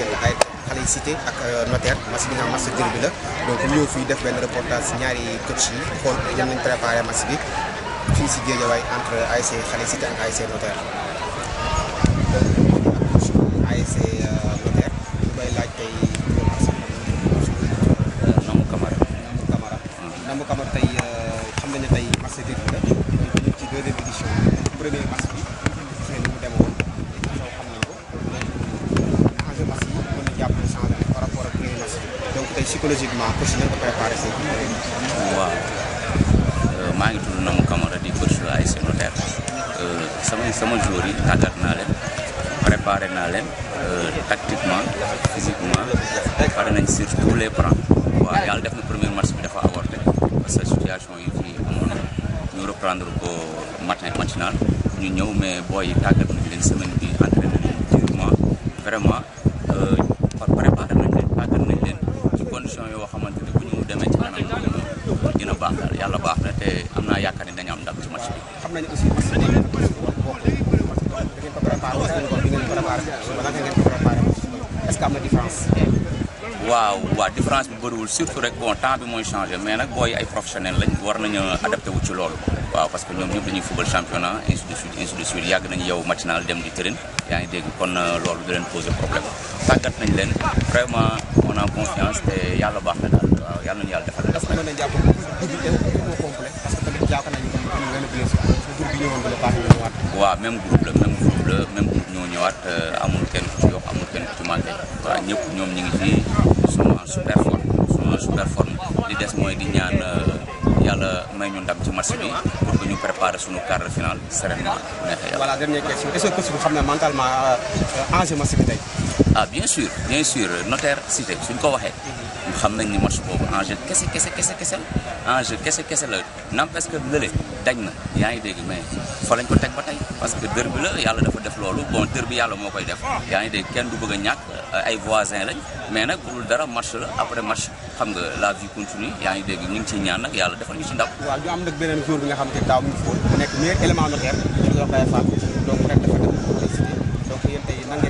jël ay xale yi cité ak euh, notaire match bi nga xam match jër bi la donc ñu ñëw fii def benn reportage si ñaari coach yi xool ñoom lañ préparé match bi fii si Guédiawaye entre ASC xale yi cité ak ASC notaire ASC euh, notaire ñu koy laaj tey Namou Camara Namou Camara ah. Namou Camara tey euh, xam nañu ne tey match jër la ñu ci deuxième édition psychologiquement coach waaw euh, maa ngi tudd Namou Camara di coach ay Notaire euh, sama sama joueur yi tàggat naa leen préparé naa leen euh, tactiquement physiquement pare nañ sur tous les plans waaw yàlla def na premier match bi dafa avorté parce que situation yi fi amoon ñu reprendre ko matin matinal ñu ñëw mais booy yi tàggat nañ leen semaine bi entraîné nañ durement vraiment préparé yoo xamante ne bu ñu demee ci kanam dina baax yàlla baax na te am naa yaakaar ne dañu am ndam ci match xam nañu aussi parce que da ngeen que am na waaw waaw différence bi bëriwul surtout rek bon temps bi mooy changé mais nag booy ay professionnel lañ war nañu adapté ci loolu. waaw parce que ñoom ñëpp dañuy football championnat ainsi yàgg nañu yow matinal dem di tërën yaa ngi dégg kon euh, loolu di leen problème tàggat nañ leen vraiment on a confiance te yàlla baax na daal yàlla nañu yàlla defal la. mën waaw même groupe la même groupe la même groupe ñoo ñëwaat euh, amul kenn. ñëpp ñoom ñu ngi ci sont en super forme sont en super forme li des mooy di ñaan euh, yàlla may ñu ndam ci match bi pour que ñu préparer suñu quart de finale sereinement bu neexee yàlla. voilà dernière question est-ce que vous vous xam mentalement euh, euh, enjeu match bi tey. ah bien sûr bien sûr notaire cité suñ ko waxee. xam nañ ni match boobu enjeu kese kese kese kese la enjeu ce que la n'empêche que lële. dañ na yaa ngi dégg mais fa lañ ko teg ba tey parce que dër bi la yàlla dafa def loolu bon dër bi yàlla moo koy def yaa ngi dégg kenn du bëgg a ñàkk euh, ay voisins lañ mais nag bu dul dara match la après match xam nga la vie continue yaa ngi dégg ñu ngi ciy ñaan nag yàlla defal ñu ci ndam. waaw ñu am nag beneen xam te daaw nekk meilleur élément notaire ñu donc rek dafa def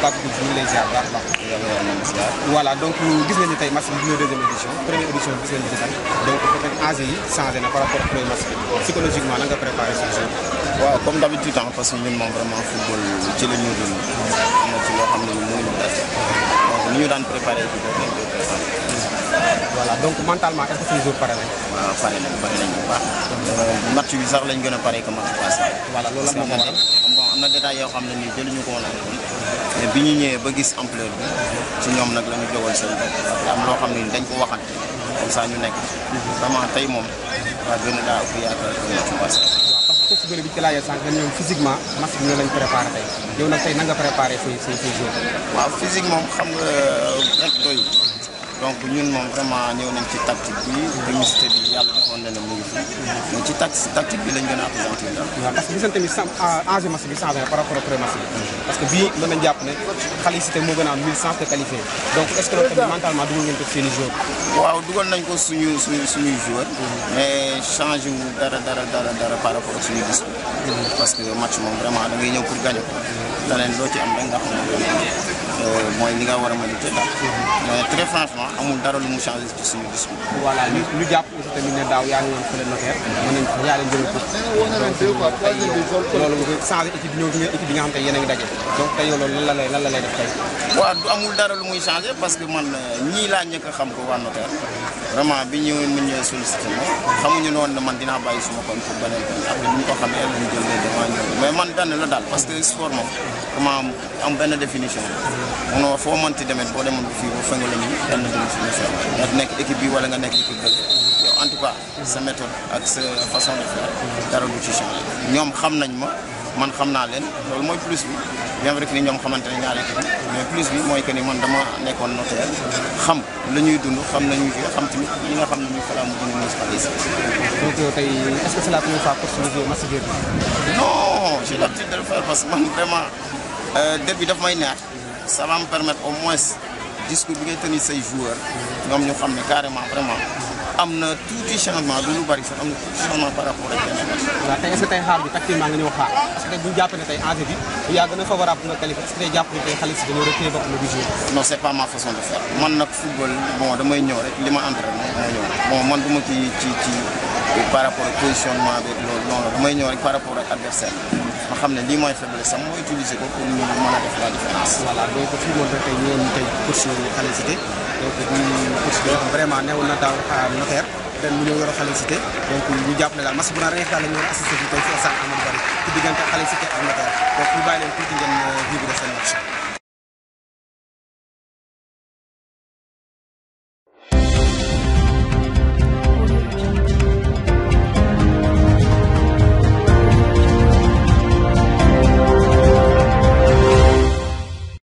Pape Diouf ñu ngi lay ziar baax baax. voilà donc gis nañu tey match bi ñu deuxième édition première édition bi gis nañu ci donc peut-être enjeu yi changé na par premier match psychologiquement nan préparé sa jeu. waaw comme d'habitude parce que ñun moom vraiment football ci la ñu dund. ci loo xam ne mënuñu def. ni ñu daan préparé ci boobu lañ koy préparé. voilà donc mentalement est-ce que suñu pare nañ. waaw pare nañ bu baax. Euh, match bi sax lañ gën a pare que a passé. voilà loolu la moo waral am na détail yoo xam ne nii jëluñu ko woon ak bi ñu ñëwee ba gis ampleur bi. ci ñoom nag la ñu jógal seen bopp. am loo xam ne dañ ko waxante. comme ça ñu nekk. vraiment tey moom. waa gën a daaw fi yaakaar naa test bëri bi ci laajee sànq dañu ñëw physiquement match bi lañ préparé tey yow nag tey na nga préparé say say say waaw physique moom xam nga rek doyul. donc ñun moom vraiment ñëw nañ ci tactique bi technicité bi yàlla defoon na ne mu ngi fi bi lañ gën a appesantir daal. waaw parce que gis nañ tamit cent ah, enjeu match bi changé na par rapport au premier match mm-hmm. bi. parce que bii mën nañ jàpp ne qualifié moo gën a am mille cent te qualifié donc est ce que loolu tamit mentalement dugal ngeen ko i joueur. waaw dugal nañ ko suñu mm-hmm. dara par rapport mm-hmm. parce que match moom vraiment da ngay ñëw pour gagner ko. leneen ci am rek nga xam ne Euh, mooy li nga war a mën a daal mais très franchement amul dara lu mu changé ci suñu discours. voilà ñu ñu jàpp aussi tamit ne daaw yaa ngi woon fële notaire. yaa leen jëlee pour. loolu nga changé équipe ñëw nga équipe bi nga xam te yéen a daje. donc tey loolu lan la lay lan la lay def tey. waaw amul dara lu muy changé parce que man euh, ñii laa njëkk a xam ko waa notaire. vraiment bi ñu mën ñoo sollicité ma xamuñu noonu man dinaa bàyyi suma kon pour beneen bi après bi ñu ko xamee lañu jël ne damaa ñëw la daal parce que sport moom comment am benn définition munoo foo mënti demee foo demoon bu fii ba fenga la ñu benn définition nga nekk équipe bi wala nga nekk équipe bële yow tout cas sa méthode ak sa façon de faire dara du ci changé ñoom xam nañ ma man xam naa leen loolu mooy plus bi bien vrai que ni ñoom xamante ne ñaari mais plus bi mooy que ni man dama nekkoon notaire xam la ñuy dund xam la ñuy fi xam tamit li nga xam ne ñu falaa mu dund municipalisme. donc yow euh, tey est-ce parce que man vraiment euh, début daf may neex ça va me au moins discours bi ngay tenir say joueurs ñoom ñu xam ne carrément vraiment. am na tuuti changement du lu bari sax am na tuuti changement par rapport ak benn benn. waaw tey est tey xaar bi tactiquement nga ñëw xaar parce que tey bu ñu jàppee ne tey enjeu bi bu yaa gën a favorable nga qualifié est-ce que tey jàpp ne tey xale si dañoo reculer bopp na c'est pas ma façon de faire man nag football bon damay ñëw rek li ma entraîné ma ñëw bon man du ma ci ci ci. par rapport ak positionnement bi loolu noonu damay ñëw rek par rapport ak adversaire ma xam ne lii mooy faiblesse am ma utiliser ko pour ñu mën a def la différence. voilà donc fii moom rek tey ñoom tey course yooyu Khalil Cité donc ñun course bi vraiment newoon na daaw notaire ren mu ñëw yor Khalil Cité donc ñu jàpp ne daal match bu naan reex daal la ñu war a assister fii tey fii ak Amadou Bari ci diggante Khalil Cité ak notaire donc ñu bàyyi leen tuuti ngeen euh,